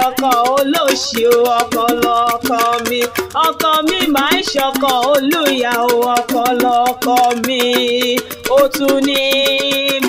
ṣọkọ olóṣì o ọkọ lọkọ mi ọkọ mi máa ń ṣọkọ olùyà o ọkọ lọkọ mi ó tún ní.